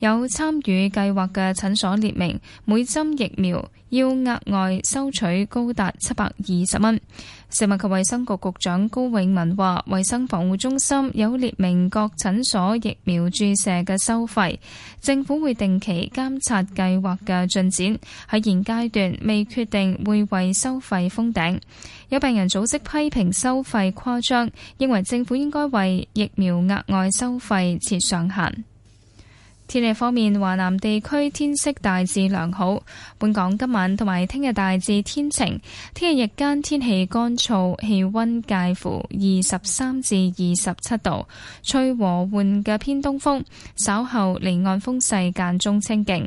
有參與計劃嘅診所列明，每針疫苗要額外收取高達七百二十蚊。食物及衛生局局長高永文話，衛生防護中心有列明各診所疫苗注射嘅收費，政府會定期監察計劃嘅進展。喺現階段未決定會為收費封頂。有病人組織批評收費誇張，認為政府應該為疫苗額外收費設上限。天氣方面，華南地區天色大致良好，本港今晚同埋聽日大致天晴，聽日日間天氣乾燥，氣溫介乎二十三至二十七度，吹和緩嘅偏東風，稍後離岸風勢間中清勁。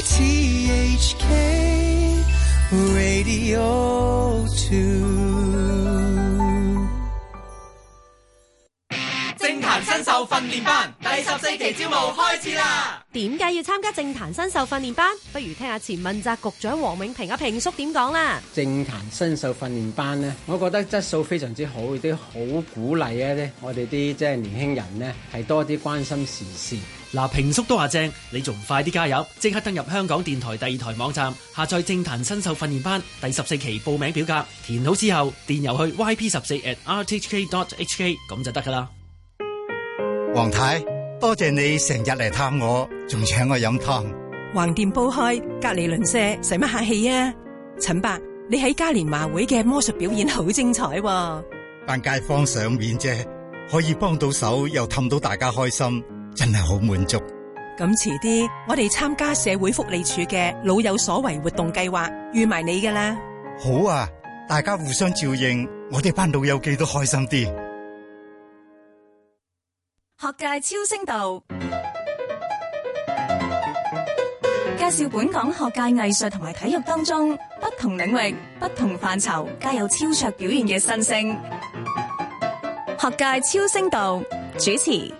政壇新秀訓練班第十四期招募開始啦！點解要參加政壇新秀訓練班？不如聽下前問責局長黃永平阿平叔點講啦！政壇新秀訓練班呢，我覺得質素非常之好，亦都好鼓勵啊！啲我哋啲即係年輕人呢，係多啲關心時事。嗱，平叔都話正，你仲唔快啲加入？即刻登入香港電台第二台網站，下載政壇新秀訓練班第十四期報名表格，填好之後電郵去 yp 十四 at rthk.hk，咁就得㗎喇。黃太，多謝你成日嚟探我，仲請我飲湯。橫掂煲開，隔籬鄰舍，使乜客氣啊？陳伯，你喺嘉年華會嘅魔術表演好精彩喎。啊。扮街坊賞面啫，可以幫到手，又氹到大家開心。真係好滿足。咁遲啲，我哋參加社會福利署嘅老有所為活動計劃，預埋你㗎喇。好啊，大家互相照應，我哋班老友記都開心啲。學界超聲道介紹本港學界、藝術同埋體育當中不同領域、不同範疇皆有超卓表現嘅新星。學界超聲道主持。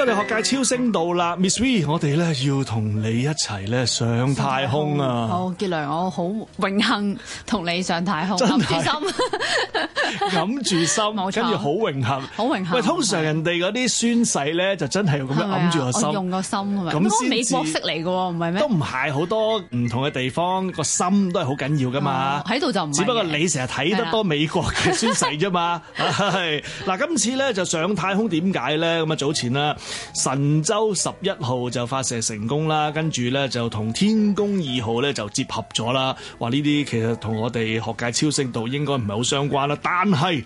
我哋學界超升到啦，Ms V，我哋咧要同你一齊咧上太空啊！好，傑良，我好榮幸同你上太空，揞住心，揞住心，跟住好榮幸，好榮幸。喂，通常人哋嗰啲宣誓咧，就真係要咁樣揞住個心，用個心係咪？咁先至。美國式嚟嘅，唔係咩？都唔係，好多唔同嘅地方個心都係好緊要噶嘛。喺度就唔。只不過你成日睇得多美國嘅宣誓啫嘛。係嗱，今次咧就上太空，點解咧？咁啊早前啦。神舟十一號就發射成功啦，跟住咧就同天宮二號咧就接合咗啦。話呢啲其實同我哋學界超聲度應該唔係好相關啦，但係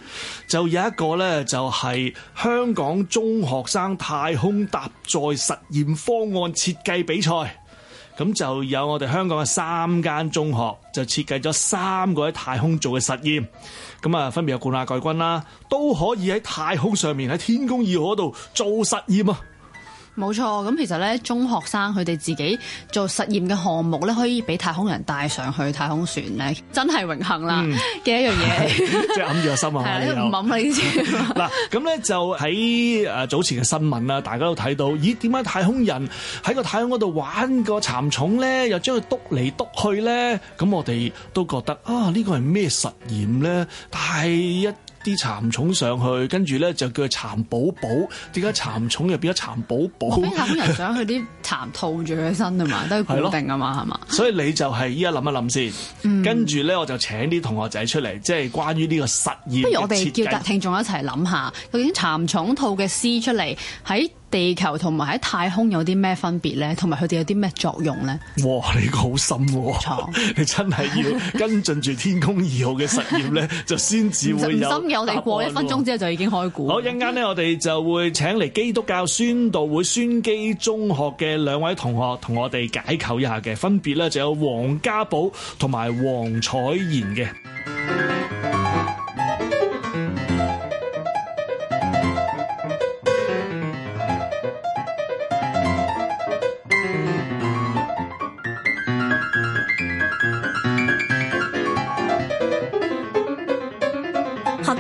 就有一個呢就係香港中學生太空搭載實驗方案設計比賽。咁就有我哋香港嘅三間中學，就設計咗三個喺太空做嘅實驗，咁啊分別有冠亞季軍啦，都可以喺太空上面喺天宮二號嗰度做實驗啊！冇錯，咁其實咧，中學生佢哋自己做實驗嘅項目咧，可以俾太空人帶上去太空船咧，真係榮幸啦嘅、嗯、一樣嘢是。 即係揞住個心啊，唔諗啦呢啲。嗱，咁咧就喺誒 早前嘅新聞啦，大家都睇到，咦，點解太空人喺個太空嗰度玩個蠶蟲咧，又將佢督嚟,督去咧？咁我哋都覺得啊，這個、呢個係咩實驗咧？但係一啲蠶蟲上去，跟住咧就叫佢蠶寶寶。點解蠶蟲又變咗蠶寶寶？諗 人想佢啲蠶套住佢身啊嘛，都係固定啊嘛，係嘛了？吧所以你就係依家諗一諗先，跟住咧我就請啲同學仔出嚟，即係關於呢個實驗。不如我哋叫大聽眾一齊諗下，究竟蠶蟲套嘅詩出嚟喺？地球同埋喺太空有啲咩分別咧？同埋佢哋有啲咩作用咧？哇！你、這個好深喎、喔，錯 你真係要跟進住天宮二號嘅實驗咧，就先至會有深有地過。一分鐘之後就已經開估。好，一陣間咧，我哋就會請嚟基督教宣道會宣基中學嘅兩位同學同我哋解構一下嘅分別咧，就有王嘉寶同埋黃采妍嘅。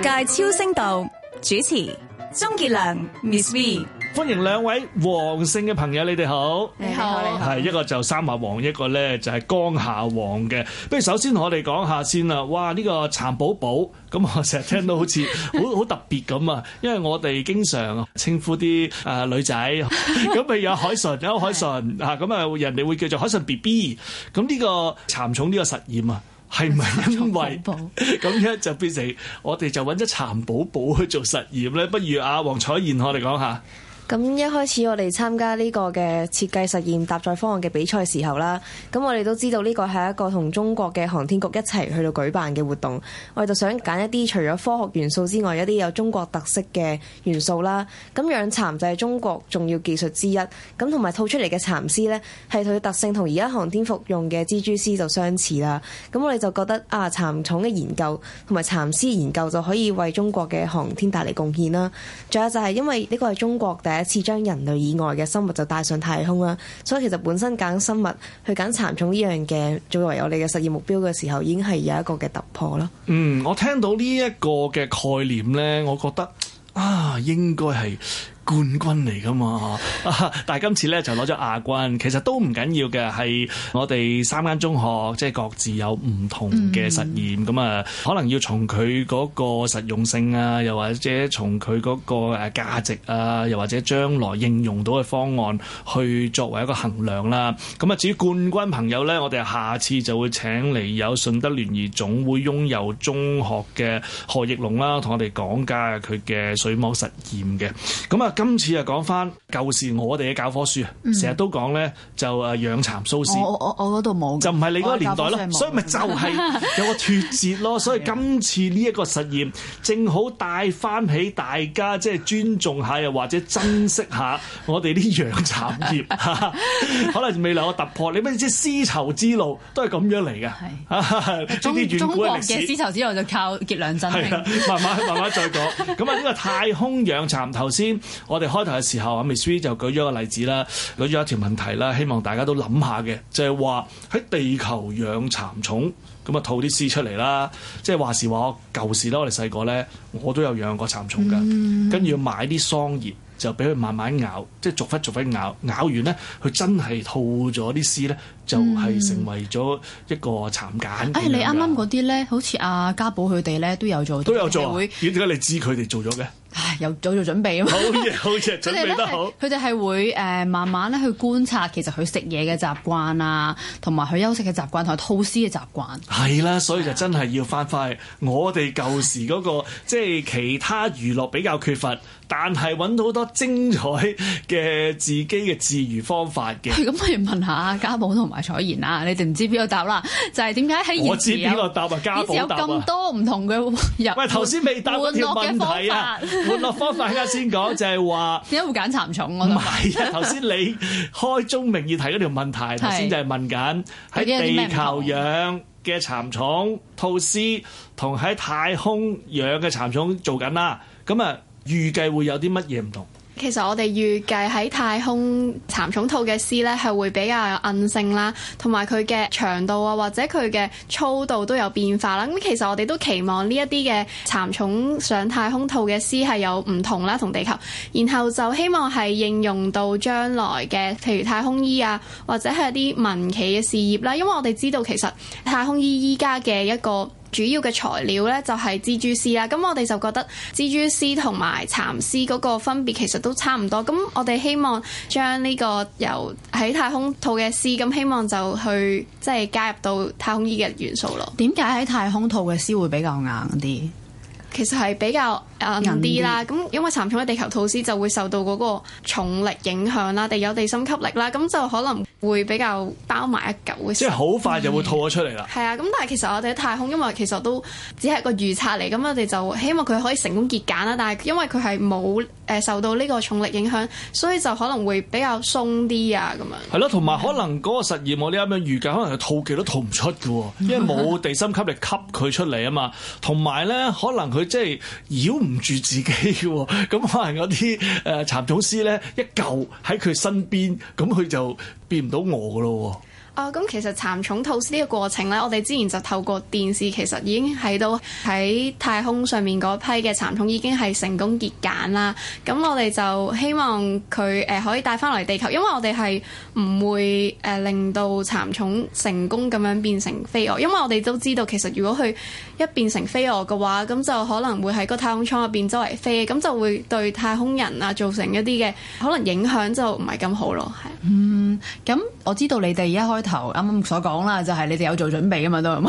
界超聲道主持鍾杰良 Miss V，歡迎兩位黃姓嘅朋友，你哋好,好，你好，你係一個就三下王，一個咧就係江夏黃嘅。不如首先我哋講下先啦。哇，呢、這個蠶寶寶，咁我成日聽到好似好好特別咁啊！因為我哋經常稱呼啲誒女仔，咁譬如有海神，有海神，啊 是，咁啊人哋會叫做海神 B B。咁呢個蠶蟲呢個實驗啊！係咪？係係因為咁樣就變成我哋就揾咗蠶寶寶去做實驗咧？不如阿黃采妍，我哋講下。咁一開始我哋參加呢個嘅設計實驗搭載方案嘅比賽時候啦，咁我哋都知道呢個係一個同中國嘅航天局一齊去到舉辦嘅活動，我哋就想揀一啲除咗科學元素之外，一啲有中國特色嘅元素啦。咁養蠶就係中國重要技術之一，咁同埋吐出嚟嘅蠶絲呢，係佢嘅特性同而家航天服用嘅蜘蛛絲就相似啦。咁我哋就覺得啊，蠶蟲嘅研究同埋蠶絲研究就可以為中國嘅航天帶嚟貢獻啦。仲有就係因為呢個係中國第一。第一次將人類以外嘅生物就帶上太空啦，所以其實本身揀生物去揀蠶蟲呢樣嘅，作為我哋嘅實驗目標嘅時候，已經係有一個嘅突破咯。嗯，我聽到呢一個嘅概念呢，我覺得啊，應該係。冠軍嚟㗎嘛？但係今次呢就攞咗亞軍，其實都唔緊要嘅。係我哋三間中學即係各自有唔同嘅實驗，咁啊、嗯，可能要從佢嗰個實用性啊，又或者從佢嗰個誒價值啊，又或者將來應用到嘅方案去作為一個衡量啦。咁啊，至於冠軍朋友咧，我哋下次就會請嚟有順德聯誼總會擁有中學嘅何奕龍啦，同我哋講解佢嘅水膜實驗嘅。咁啊～今次啊，講翻舊時我哋嘅教科書，嗯、啊，成日都講咧就啊養蠶繅絲。我我我嗰度冇，就唔係你嗰個年代咯，所以咪就係有個脫節咯。 所以今次呢一個實驗，正好帶翻起大家即係、就是、尊重下又或者珍惜下我哋呢啲養蠶業， 可能未來嘅突破，你乜嘢即絲綢之路都係咁樣嚟嘅。中是 中國嘅絲綢之路就靠傑良振興，係慢慢慢慢再講。咁啊呢個太空養蠶頭先。我哋開頭嘅時候，阿 Miss、V、就舉咗個例子啦，舉咗一條問題啦，希望大家都諗下嘅，就係話喺地球養蠶蟲，咁啊吐啲絲出嚟啦，即係話時話我舊時咧，我哋細個咧，我都有養過蠶蟲㗎，跟住、嗯、買啲桑葉就俾佢慢慢咬，即係逐忽逐忽咬，咬完咧佢真係吐咗啲絲咧，就係、是、成為咗一個蠶繭。誒、哎，你啱啱嗰啲咧，好似阿嘉寶佢哋咧都有做，都有做、啊，點解你，你知佢哋做咗嘅？有早做準備啊、 嘛！好嘢，好 嘢樂，準備得好。佢哋係會誒慢慢咧去觀察，其實佢食嘢嘅習慣啊，同埋佢休息嘅習慣同埋吐司嘅習慣。係啦、 啊，所以就真係要翻返去我哋舊時嗰個，即係其他娛樂比較缺乏。但係揾到好多精彩嘅自己嘅治愈方法嘅。咁不如問下家寶同埋彩妍啊，你哋唔知邊個答啦？就係點解喺啊？家寶有咁多唔同嘅人？ 喂，頭先未答條問題換落方法，換 落方法而家先講，就係話點解會揀蠶蟲？唔係，頭先你開宗明義提嗰條問題，頭先 就係問緊喺地球養嘅蠶蟲，吐絲同喺太空養嘅蠶蟲做緊啦。咁啊～預計會有啲乜嘢唔同？其實我哋預計喺太空蠶蟲套嘅絲咧，係會比較有韌性啦，同埋佢嘅長度啊，或者佢嘅粗度都有變化啦。咁其實我哋都期望呢一啲嘅蠶蟲上太空套嘅絲係有唔同啦，同地球，然後就希望係應用到將來嘅譬如太空衣啊，或者係啲民企嘅事業啦。因為我哋知道其實太空衣依家嘅一個主要嘅材料呢，就係蜘蛛絲啦，咁我哋就覺得蜘蛛絲同埋蠶絲嗰個分別其實都差唔多，咁我哋希望將呢個由喺太空吐嘅絲，咁希望就去即係、就是、加入到太空衣嘅元素咯。點解喺太空吐嘅絲會比較硬啲？其實係比較硬啲啦，咁因為蠶蟲喺地球吐絲就會受到嗰個重力影響啦，地有地心吸力啦，咁就可能。會比較包埋一嚿嘅，即係好快就會吐咗出嚟啦。係啊，咁但係其實我哋喺太空，因為其實都只係個預測嚟，咁我哋就希望佢可以成功結繭啦。但係因為佢係冇誒受到呢個重力影響，所以就可能會比較鬆啲啊咁樣。係咯，同埋可能嗰個實驗的我呢啱啱預計，可能佢吐極都吐唔出嘅，因為冇地心吸力吸佢出嚟啊嘛。同埋咧，可能佢即係繞唔住自己嘅，咁可能有啲誒蠶蟲師咧一嚿喺佢身邊，咁佢就。變唔到蛾㗎咯喎！啊、哦，咁其實蠶蟲吐絲呢個過程咧，我哋之前就透過電視，其實已經睇到喺太空上面嗰批嘅蠶蟲已經係成功結繭啦。咁我哋就希望佢誒、呃、可以帶翻嚟地球，因為我哋係唔會誒、呃、令到蠶蟲成功咁樣變成飛蛾，因為我哋都知道其實如果佢一變成飛蛾嘅話，咁就可能會喺個太空艙入邊周圍飛，咁就會對太空人啊造成一啲嘅可能影響就，就唔係咁好咯。係嗯。咁、嗯、我知道你哋一開頭啱啱所講啦，就係、是、你哋有做準備㗎嘛都咁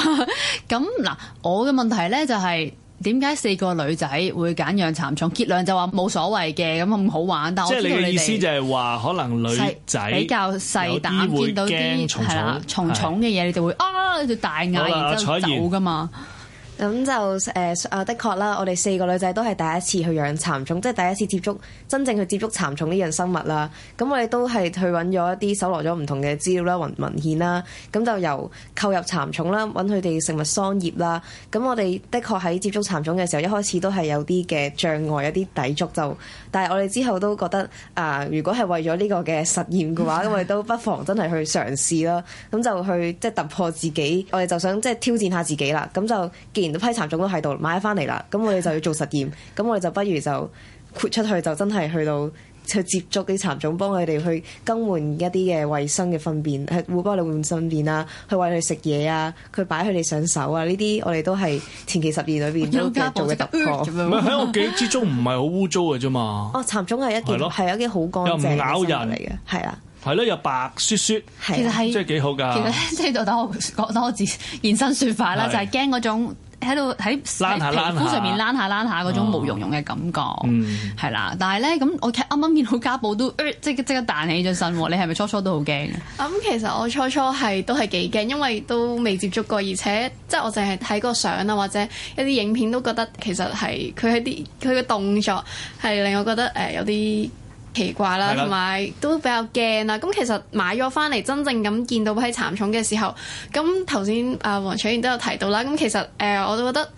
嗱，我嘅問題咧就係點解四個女仔會揀養蠶蟲？傑良就話冇所謂嘅咁咁好玩，但我知道即係你嘅意思就係話可能女仔比較細膽，見到啲係啦蟲蟲嘅嘢，你就會啊就大嗌然之後走噶嘛咁就誒，啊、呃，的確啦，我哋四個女仔都係第一次去養蠶蟲，即係第一次接觸真正去接觸蠶蟲呢樣生物啦。咁我哋都係去揾咗一啲搜羅咗唔同嘅資料啦、文文獻啦。咁就由購入蠶蟲啦，揾佢哋食物桑葉啦。咁我哋的確喺接觸蠶蟲嘅時候，一開始都係有啲嘅障礙，有啲抵觸就。但係我哋之後都覺得啊、呃，如果係為咗呢個嘅實驗嘅話，咁 我哋都不妨真係去嘗試啦。咁就去即係突破自己，我哋就想即係挑戰下自己啦。咁就連批蠶種都喺度，買咗翻嚟啦。咁我哋就要做實驗。咁我哋就不如就豁出去，就真係去到就去接觸啲蠶種，幫佢哋去更換一啲嘅衞生嘅糞便，係會幫你換糞便啊，去餵佢哋食嘢啊，佢擺佢哋上手啊。呢啲我哋都係前期實驗裏邊都做嘅突破。唔係喺我記憶之中唔係好污糟嘅啫嘛。哦，蠶種係一件係 一件好乾淨嘅，咬人嚟嘅，係啦，係咯的，又白雪雪，的其實係即係幾好㗎。即係做到，我覺得我自現身説法啦，的 就係驚嗰種。喺度喺皮膚上面攣下攣下嗰種毛茸茸嘅感覺，係啦，嗯。但係咧咁，我啱啱見到家寶都，呃，即即刻彈起咗身。你係咪初初都好驚？咁其實我初初係都係幾驚，因為都未接觸過，而且即我淨係睇個相啊，或者一啲影片都覺得其實係佢喺啲佢嘅動作係令我覺得誒有啲。奇怪啦，同埋的都比較驚啦。咁其實買咗翻嚟，真正咁見到批蠶蟲嘅時候，咁頭先阿黃采妍都有提到啦。咁其實誒，我都覺得。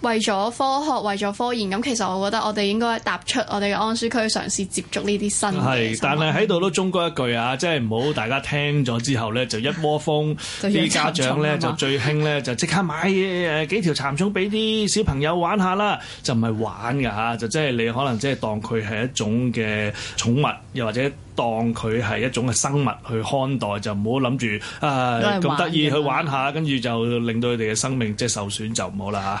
為咗科學，為咗科研，咁其實我覺得我哋應該踏出我哋嘅安舒區，嘗試接觸呢啲新嘅。係，但係喺度都忠告一句啊，即係唔好大家聽咗之後咧，就一窩蜂啲家長咧就最興咧就即刻買誒幾條蠶蟲俾啲小朋友玩下啦，就唔係玩㗎嚇，就即係你可能即係當佢係一種嘅寵物，又或者。當佢係一種嘅生物去看待，就唔好諗住啊咁得意去玩下，跟住就令到佢哋嘅生命即係受損就唔好啦嚇。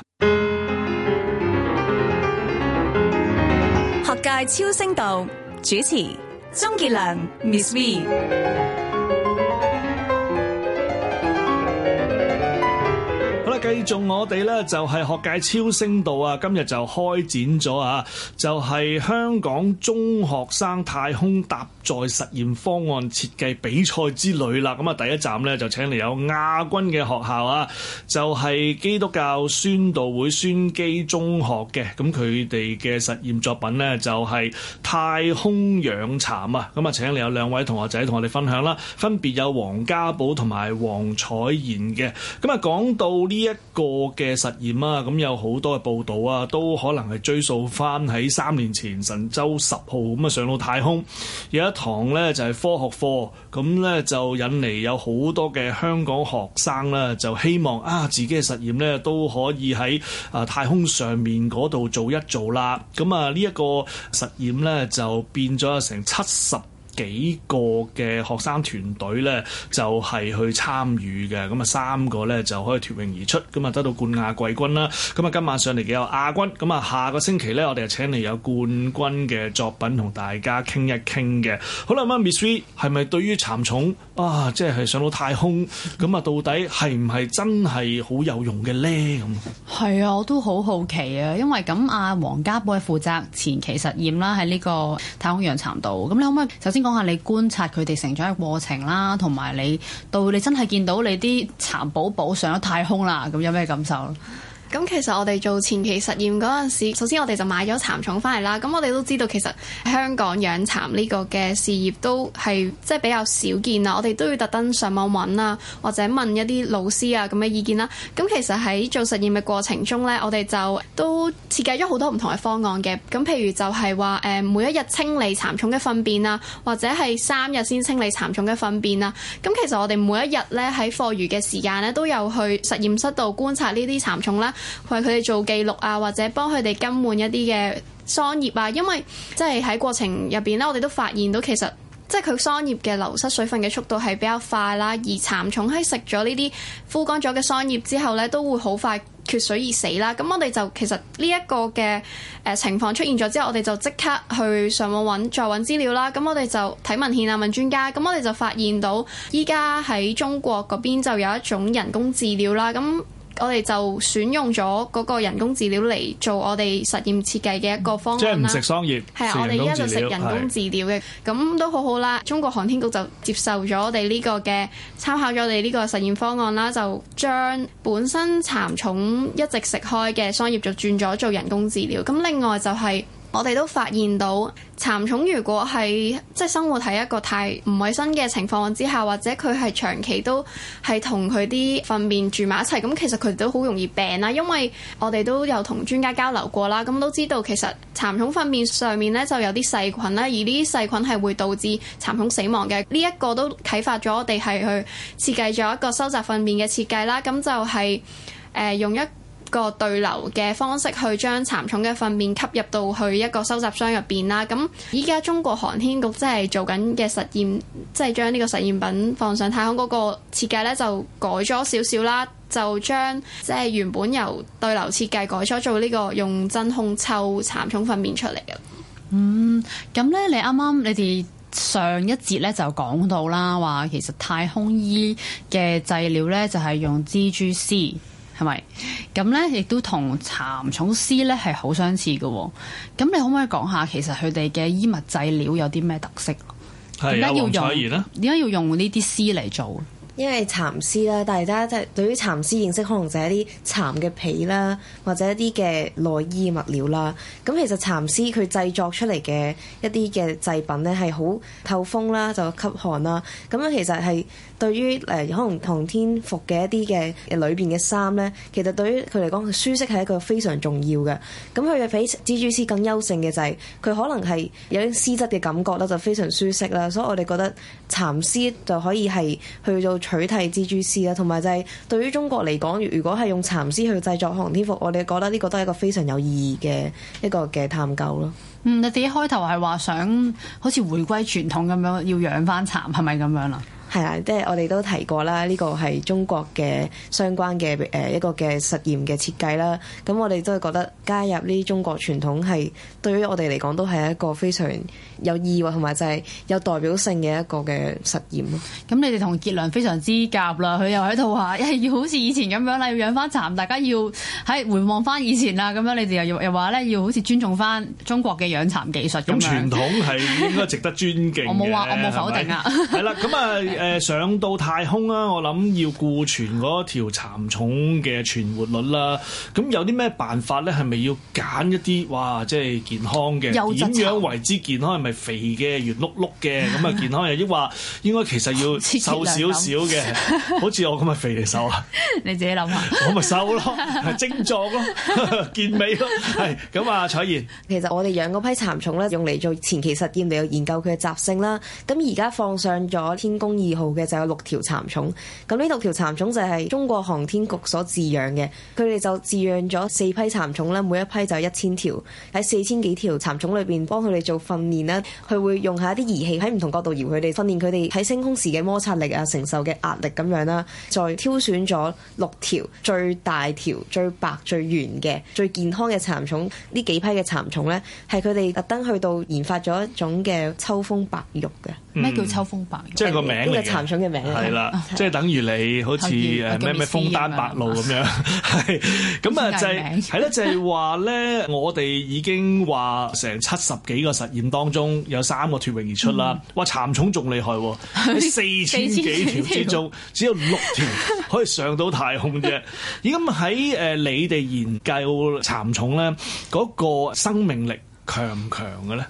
學界超聲道主持鍾傑良、Miss V。繼續我哋咧，就係學界超聲道啊，今日就開展咗啊，就係香港中學生太空搭載實驗方案設計比賽之旅啦。咁啊，第一站咧，就請嚟有亞軍嘅學校啊，就係基督教宣道會宣基中學嘅。咁佢哋嘅實驗作品咧，就係太空養蠶啊。咁啊，請嚟有兩位同學仔同我哋分享啦，分別有王嘉寶同埋黃采妍嘅。咁啊，講到呢一個嘅實驗啦，咁有好多嘅報道啊，都可能係追溯翻喺三年前神舟十號咁啊上到太空有一堂呢，就係科學課，咁呢，就引嚟有好多嘅香港學生啦，就希望啊自己嘅實驗呢，都可以喺啊太空上面嗰度做一做啦。咁啊呢一個實驗呢，就變咗成七十幾個嘅學生團隊咧，就係、是、去參與嘅，咁啊三個咧就可以脫穎而出，咁啊得到冠亞季軍啦。咁啊今晚上嚟嘅有亞軍，咁啊下個星期咧，我哋就請嚟有冠軍嘅作品同大家傾一傾嘅。好啦，阿、嗯、Ms V 係咪對於蠶蟲啊，即係上到太空，咁啊到底係唔係真係好有用嘅咧？咁係啊，我都好好奇啊，因為咁阿王嘉寶係負責前期實驗啦，喺呢個太空養蠶度。咁你可唔可以首先幫下你觀察佢哋成長嘅過程啦，同埋你到你真係見到你啲蠶寶寶上咗太空啦，咁有咩感受？咁其實我哋做前期實驗嗰陣時，首先我哋就買咗蠶蟲翻嚟啦。咁我哋都知道其實香港養蠶呢個嘅事業都係即係比較少見啦。我哋都要特登上網揾啊，或者問一啲老師啊咁嘅意見啦。咁其實喺做實驗嘅過程中呢，我哋就都設計咗好多唔同嘅方案嘅。咁譬如就係話誒，每一日清理蠶蟲嘅糞便啊，或者係三日先清理蠶蟲嘅糞便啊。咁其實我哋每一日呢，喺課餘嘅時間呢，都有去實驗室度觀察呢啲蠶蟲啦。為佢哋做記錄啊，或者幫佢哋更換一啲嘅桑葉啊，因為即係喺過程入邊咧，我哋都發現到其實即係佢桑葉嘅流失水分嘅速度係比較快啦，而蠶蟲喺食咗呢啲枯乾咗嘅桑葉之後咧，都會好快缺水而死啦。咁我哋就其實呢一個嘅誒、呃、情況出現咗之後，我哋就即刻去上網揾再揾資料啦。咁我哋就睇文獻啊問專家，咁我哋就發現到依家喺中國嗰邊就有一種人工飼料啦。咁我哋就選用咗嗰個人工飼料嚟做我哋實驗設計嘅一個方案啦。即係唔食桑葉，係啊是，我哋而家就食人工飼料嘅，咁是的 都好好啦。中國航天局就接受咗我哋呢個嘅參考咗我哋呢個實驗方案啦，就將本身蠶蟲一直食開嘅桑葉就轉咗做人工飼料。咁另外就係、是。我哋都發現到，蠶蟲如果係即係生活喺一個太唔衞生嘅情況之下，或者佢係長期都係同佢啲糞便住埋一齊，咁其實佢哋都好容易病啦。因為我哋都有同專家交流過啦，咁都知道其實蠶蟲糞便上面呢就有啲細菌啦，而呢啲細菌係會導致蠶蟲死亡嘅。呢一個都啟發咗我哋係去設計咗一個收集糞便嘅設計啦。咁就係呃用一個對流嘅方式去將蠶蟲嘅糞便吸入到去一個收集箱入邊啦。咁依家中國航天局即係做緊嘅實驗，即係將呢個實驗品放上太空嗰個設計呢，就改咗少少啦。就將即係原本由對流設計改咗做呢個用真空抽蠶蟲糞便出嚟嘅。嗯，咁呢，你啱啱你哋上一節呢就講到啦，話其實太空衣嘅製料呢，就係用蜘蛛絲。係咪咁咧？亦都同蠶蟲絲咧係好相似嘅，哦。咁你可唔可以講下，其實佢哋嘅衣物製料有啲咩特色？點解要用呢？點解，啊、要用呢啲絲嚟做？因為蠶絲啦，大家即係對於蠶絲認識，可能就係一啲蠶嘅皮啦，或者一啲嘅內衣物料啦。咁其實蠶絲佢製作出嚟嘅一啲嘅製品咧，係好透風啦，就吸汗啦。咁樣其實係對於誒可能同天服嘅一啲嘅裏邊嘅衫咧，其實對於佢嚟講，舒適係一個非常重要嘅。咁佢嘅比蜘蛛絲更優勝嘅就係，佢可能係有啲絲質嘅感覺啦，就非常舒適啦。所以我哋覺得蠶絲就可以係去到。取替蜘蛛絲啦，同埋就係對於中國嚟講，如果係用蠶絲去製作航天服，我哋覺得呢個都係一個非常有意義嘅一個嘅探究咯。嗯，你哋一開頭係話想好似回歸傳統咁樣，要養翻蠶，係咪咁樣啦？係啊，即係我哋都提過啦，呢個係中國嘅相關嘅誒、呃、一個嘅實驗嘅設計啦。咁我哋都係覺得加入呢中國傳統係對於我哋嚟講都係一個非常有意義同埋就係有代表性嘅一個嘅實驗咯。咁你哋同傑良非常之夾啦，佢又喺度話，一係要好似以前咁樣啦，要養翻蠶，大家要喺、哎、回望翻以前啦。咁樣你哋又又話咧，要好似尊重翻中國嘅養蠶技術咁樣。咁傳統係應該值得尊敬。 我冇話說，吧我冇否定 啊。係啦，咁啊～誒上到太空啦，我諗要顧存嗰條蠶蟲嘅存活率啦。咁有啲咩辦法咧？係咪要揀一啲哇？即係健康嘅，點樣為之健康？係咪肥嘅圓碌碌嘅咁啊健康？又抑或應該其實要瘦少少嘅？好似我咁咪肥嚟瘦啊？ 你自己諗下，我咪瘦咯，精壯咯，健美咯，係咁啊，采妍，其實我哋養嗰批蠶蟲咧，用嚟做前期實驗嚟研究佢嘅習性啦。咁而家放上咗天宮二二號嘅就有六條蠶蟲，咁呢六條蠶蟲就係中國航天局所飼養嘅，佢哋就飼養咗四批蠶蟲啦，每一批就一千條，喺四千幾條蠶蟲裏邊幫佢哋做訓練啦，佢會用下一啲儀器喺唔同角度搖佢哋訓練佢哋喺升空時嘅摩擦力啊、承受嘅壓力咁樣啦，再挑選咗六條最大條、最白、最圓嘅、最健康嘅蠶蟲，呢幾批嘅蠶蟲呢，係佢哋特登去到研發咗一種嘅秋風白玉嘅，咩叫秋風白玉？即係個名蠶蟲嘅名係啦，了 Okay. 即係等於你好似誒咩咩楓丹白露咁樣，係咁啊就係係啦，就係話咧，我哋已經話成七十幾個實驗當中，有三個脫穎而出啦。 哇，蠶蟲仲厲害，啊，四千幾條之中， 4, 000 條 只有六條可以上到太空啫。咁喺誒你哋研究蠶蟲咧，嗰、那個生命力強唔強嘅咧？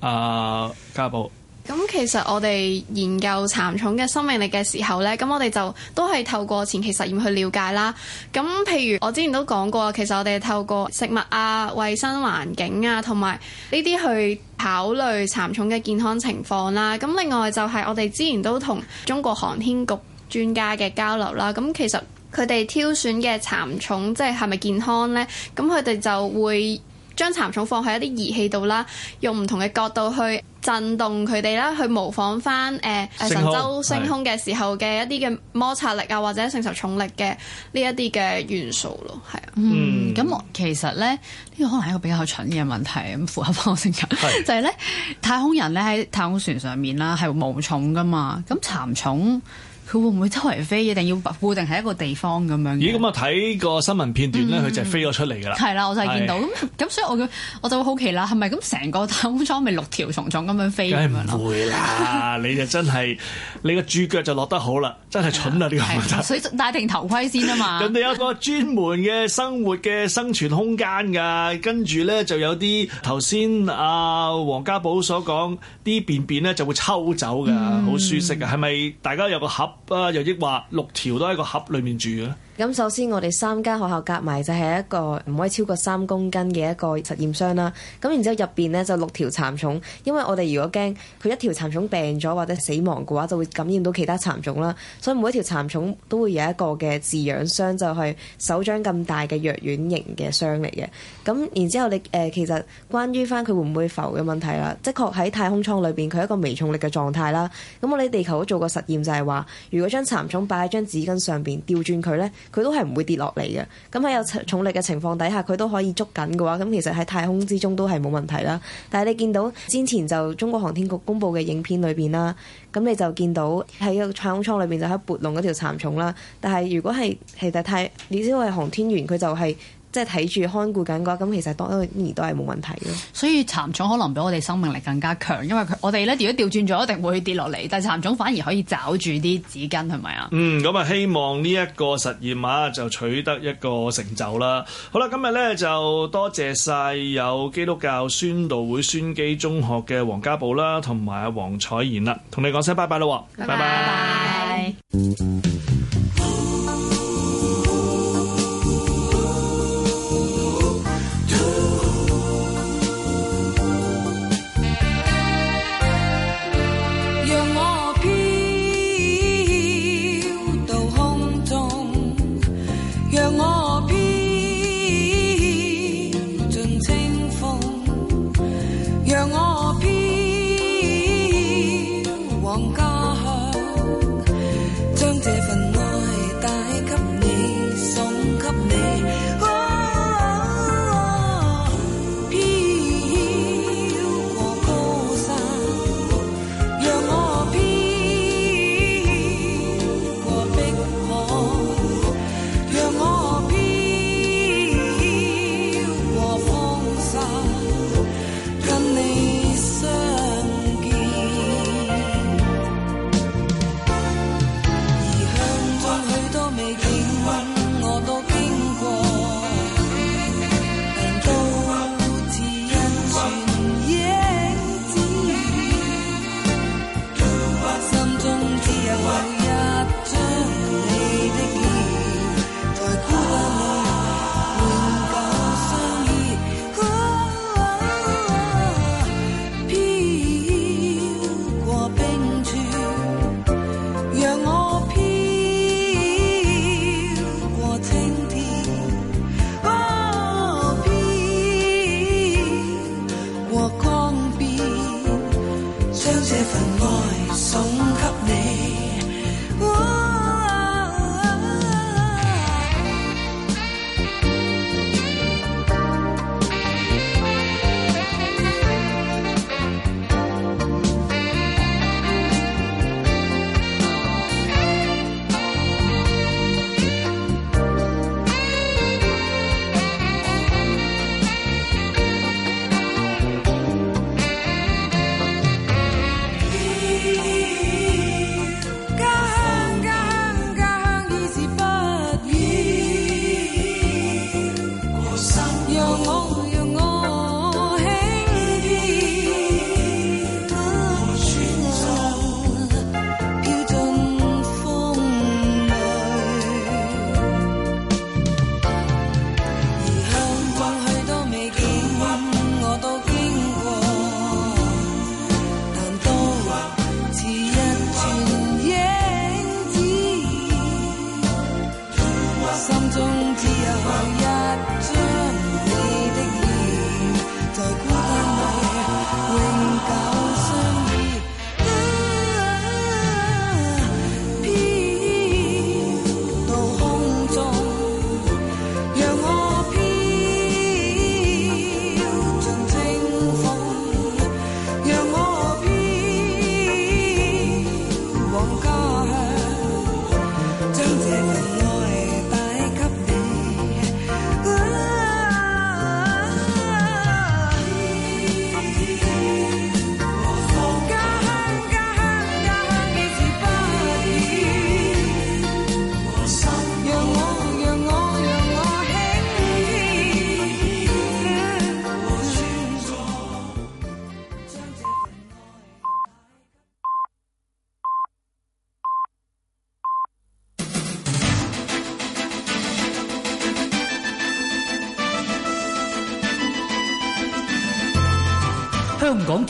啊、呃，家寶。咁其實我哋研究蠶蟲嘅生命力嘅時候呢，咁我哋就都係透過前期實驗去了解啦。咁譬如我之前都講過，其實我哋透過食物啊、衞生環境啊，同埋呢啲去考慮蠶蟲嘅健康情況啦。咁另外就係我哋之前都同中國航天局專家嘅交流啦。咁其實佢哋挑選嘅蠶蟲即係係咪健康呢？咁佢哋就會，將蠶蟲放喺一啲儀器度啦，用唔同嘅角度去震動佢哋啦，去模仿翻誒、呃、神舟升空嘅時候嘅一啲嘅摩擦力啊，或者承受重力嘅呢一啲嘅元素咯，係啊。嗯，咁我其實咧，呢、呢個可能係一個比較蠢嘅問題咁，符合科學精神，就係咧太空人咧喺太空船上面啦，係無重噶嘛，咁蠶蟲。佢會唔會周圍飛？一定要固定喺一個地方咁樣？咦，咁我睇個新聞片段咧，佢、嗯、就飛咗出嚟噶啦。係啦，我就係見到咁咁，的所以我我就會好奇啦，係咪咁成個桶裝咪六條蟲蟲咁樣飛？梗係唔會啦！ 你就真係你個註腳就落得好啦，真係蠢啦、啊、呢的個問題。所以戴定頭盔先啊嘛。 人哋有個專門嘅生活嘅生存空間㗎，跟住咧就有啲頭先阿王嘉寶所講啲便便咧就會抽走㗎，好、嗯、舒適㗎。係咪大家有個盒？啊！又抑或六條都喺個盒裏面住嘅？咁首先，我哋三間學校夾埋就係一個唔可以超過三公斤嘅一個實驗箱啦。咁然之後入邊呢就六條蠶蟲，因為我哋如果驚佢一條蠶蟲病咗或者死亡嘅話，就會感染到其他蠶蟲啦。所以每一條蠶蟲都會有一個嘅飼養箱，就係、是、手掌咁大嘅藥丸型嘅箱嚟嘅。咁然之後你誒其實關於翻佢會唔會浮嘅問題啦，的確喺太空艙裏邊佢係一個微重力嘅狀態啦。咁我哋地球都做過實驗就，就係話如果將蠶蟲擺喺張紙巾上邊，調轉佢呢。佢都係唔會跌落嚟嘅，咁喺有重力嘅情況底下，佢都可以捉緊嘅話，咁其實喺太空之中都係冇問題啦。但係你見到之前就中國航天局公布嘅影片裏邊啦，咁你就見到喺個太空艙裏邊就喺撥弄嗰條蠶蟲啦。但係如果係其實太，你知唔知航天員佢就係、是？即係睇住看顧緊嘅話，咁其實多年都係冇問題嘅。所以蠶蟲可能比我哋生命力更加強，因為佢我哋咧如果調轉咗，一定會跌落嚟。但係蠶蟲反而可以找住啲紙巾，係咪啊？嗯，咁啊，希望呢一個實驗啊，就取得一個成就啦。好啦，今日咧就多謝晒有基督教宣道會宣基中學嘅王嘉寶啦，同埋阿黃采妍啦，同你講聲拜拜啦、啊，拜拜。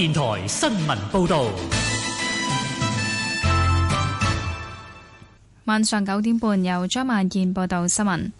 電台新聞報道，晚上九點半由張萬健報道新聞。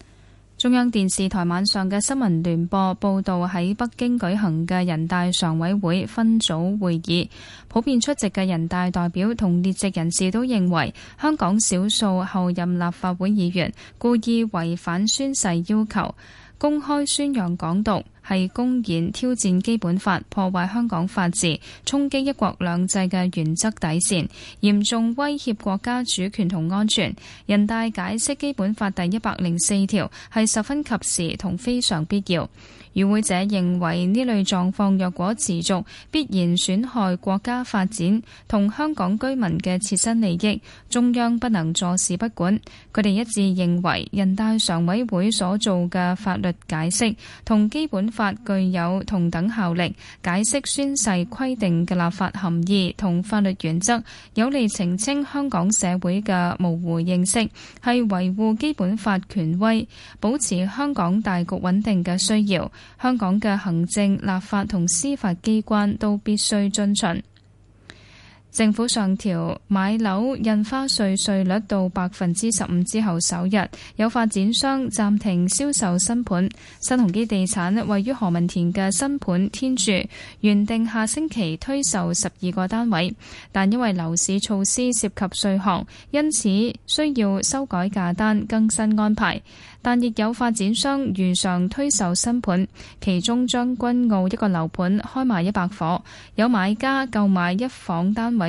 中央電視台晚上嘅新聞聯播報道喺北京舉行嘅人大常委會分組會議，普遍出席嘅人大代表同列席人士都認為，香港少數候任立法會議員故意違反宣誓要求，公開宣揚港獨。係公然挑戰基本法、破壞香港法治、衝擊一國兩制嘅原則底線，嚴重威脅國家主權同安全。人大解釋基本法第一百零四條係十分及時同非常必要。與會者認為呢類狀況若果持續必然損害國家發展同香港居民嘅切身利益，中央不能坐視不管。佢哋一致認為人大常委會所做嘅法律解釋同基本。法具有同等效力，解釋宣誓規定嘅立法含義同法律原則，有利澄清香港社會嘅模糊認識，係維護基本法權威、保持香港大局穩定嘅需要。香港嘅行政、立法同司法機關都必須遵循。政府上調買樓印花稅稅率到百分之十五之後首日，有發展商暫停銷售新盤。新鴻基地產位於何文田嘅新盤天鑄，原定下星期推售十二個單位，但因為樓市措施涉及稅項，因此需要修改價單、更新安排。但亦有發展商如常推售新盤，其中將軍澳一個樓盤開賣一百伙，有買家購買一房單位。